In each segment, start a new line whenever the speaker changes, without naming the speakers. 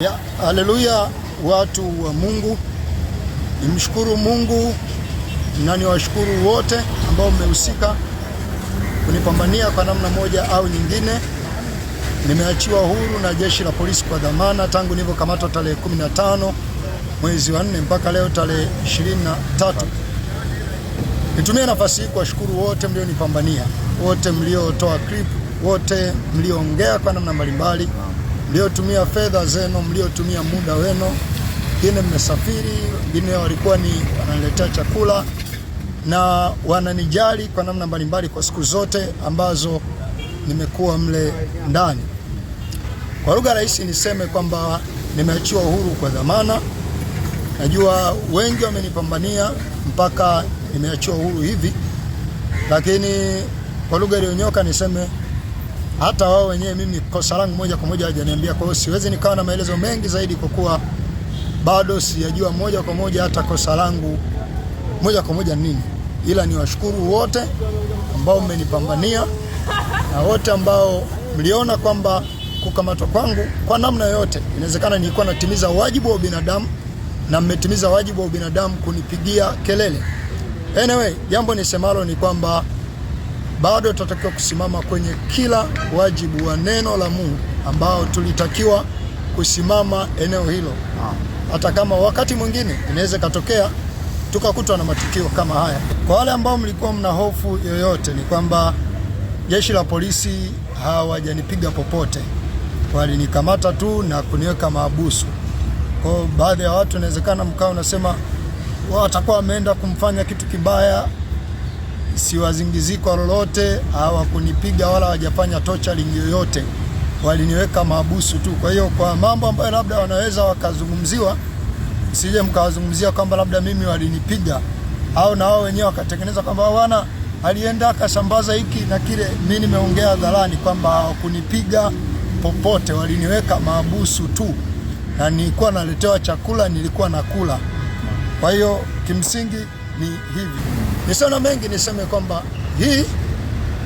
Ya, haleluya watu wa Mungu, nimshukuru Mungu na niwashukuru wote ambao mmehusika kunipambania kwa namna moja au nyingine. Nimeachiwa huru na jeshi la polisi kwa dhamana tangu nilivyokamatwa tarehe 15 mwezi wa 4 mpaka leo tarehe 23. Nitumie nafasi hii kuwashukuru wote mlionipambania, wote mliotoa clip, wote mlioongea kwa namna mbalimbali mliotumia fedha zenu, mliotumia muda wenu, wengine mmesafiri, wengine walikuwa ni wanaletea chakula na wananijali kwa namna mbalimbali kwa siku zote ambazo nimekuwa mle ndani. Kwa lugha rahisi niseme kwamba nimeachiwa uhuru kwa dhamana. Najua wengi wamenipambania mpaka nimeachiwa uhuru hivi, lakini kwa lugha iliyonyoka niseme hata wao wenyewe mimi kosa langu moja kwa moja hajaniambia. Kwa hiyo siwezi nikawa na maelezo mengi zaidi kwa kuwa bado sijajua moja kwa moja hata kosa langu moja kwa moja nini, ila niwashukuru wote ambao mmenipambania na wote ambao mliona kwamba kukamatwa kwangu kwa namna yoyote inawezekana, nilikuwa natimiza wajibu wa binadamu na mmetimiza wajibu wa binadamu kunipigia kelele. Anyway, jambo nisemalo ni kwamba bado tutatakiwa kusimama kwenye kila wajibu wa neno la Mungu ambao tulitakiwa kusimama eneo hilo, hata kama wakati mwingine inaweza ikatokea tukakutwa na matukio kama haya. Kwa wale ambao mlikuwa mna hofu yoyote, ni kwamba jeshi la polisi hawajanipiga popote, walinikamata tu na kuniweka maabusu. Kwa baadhi ya watu inawezekana mkao unasema watakuwa wameenda kumfanya kitu kibaya siwazingizikwa lolote, hawakunipiga wala wajafanya torturing yoyote, waliniweka mahabusu tu. Kwa hiyo kwa mambo ambayo labda wanaweza wakazungumziwa, sije mkawazungumzia kwamba labda mimi walinipiga au na wao wenyewe wakatengeneza kwamba ah, bwana alienda akasambaza hiki na kile. Mimi nimeongea hadharani kwamba hawakunipiga popote, waliniweka mahabusu tu, na nilikuwa naletewa chakula, nilikuwa nakula. Kwa hiyo kimsingi ni hivi. Nisema mengi niseme kwamba hii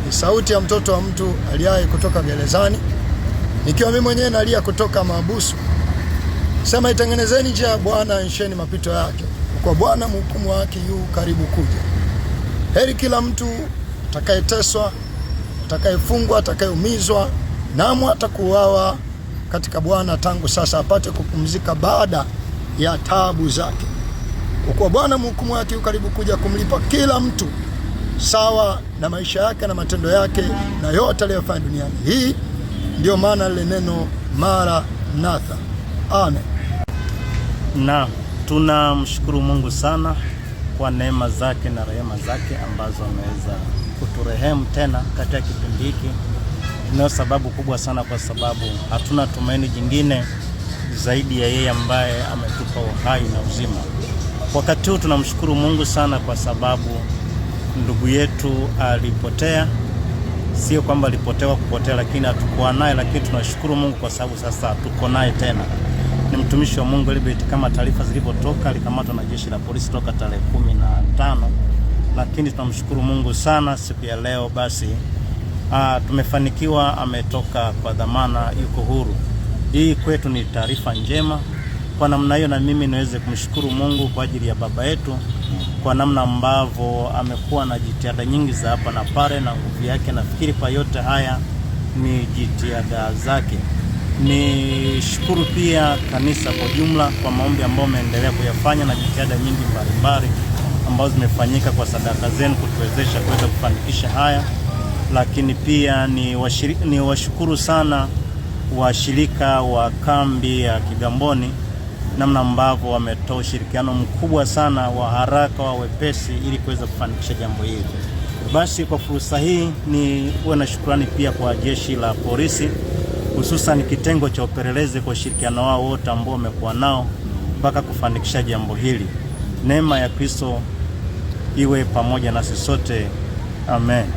ni sauti ya mtoto wa mtu aliaye kutoka gerezani, nikiwa mimi mwenyewe nalia kutoka mahabusu. Sema, itengenezeni njia ya Bwana, ansheni mapito yake, kwa Bwana mhukumu wake yu karibu kuja. Heri kila mtu atakayeteswa, atakayefungwa, atakayeumizwa, namu atakuuawa katika Bwana, tangu sasa apate kupumzika baada ya taabu zake kwa kuwa Bwana mhukumu wake ukaribu karibu kuja kumlipa kila mtu sawa na maisha yake na matendo yake na yote aliyofanya duniani. Hii ndiyo maana lile neno natha. Amen. Na tunamshukuru Mungu sana kwa neema zake na rehema zake ambazo ameweza kuturehemu tena katika kipindi hiki. Tunayo sababu kubwa sana, kwa sababu hatuna tumaini jingine zaidi ya yeye ambaye ametupa uhai na uzima. Wakati huu tunamshukuru Mungu sana kwa sababu ndugu yetu alipotea. Sio kwamba alipotewa kupotea, lakini hatukuwa naye, lakini tunashukuru Mungu kwa sababu sasa tuko naye tena. Ni mtumishi wa Mungu Liberty, kama taarifa zilivyotoka, alikamatwa na jeshi la polisi toka tarehe kumi na tano, lakini tunamshukuru Mungu sana siku ya leo basi Aa, ah, tumefanikiwa, ametoka kwa dhamana, yuko huru. Hii kwetu ni taarifa njema. Kwa namna hiyo, na mimi niweze kumshukuru Mungu kwa ajili ya baba yetu kwa namna ambavyo amekuwa na jitihada nyingi za hapa na pale na nguvu yake. Nafikiri kwa yote haya ni jitihada zake. Nishukuru pia kanisa kwa jumla kwa maombi ambayo ameendelea kuyafanya na jitihada nyingi mbalimbali ambazo zimefanyika kwa sadaka zenu kutuwezesha kuweza kufanikisha haya, lakini pia ni, washiri, ni washukuru sana washirika wa kambi ya Kigamboni namna ambavyo wametoa ushirikiano mkubwa sana wa haraka wa wepesi ili kuweza kufanikisha jambo hili. Basi kwa fursa hii ni uwe na shukrani pia kwa jeshi la polisi, hususan kitengo cha upelelezi kwa ushirikiano wao wote ambao wamekuwa nao mpaka kufanikisha jambo hili. Neema ya Kristo iwe pamoja nasi sote, amen.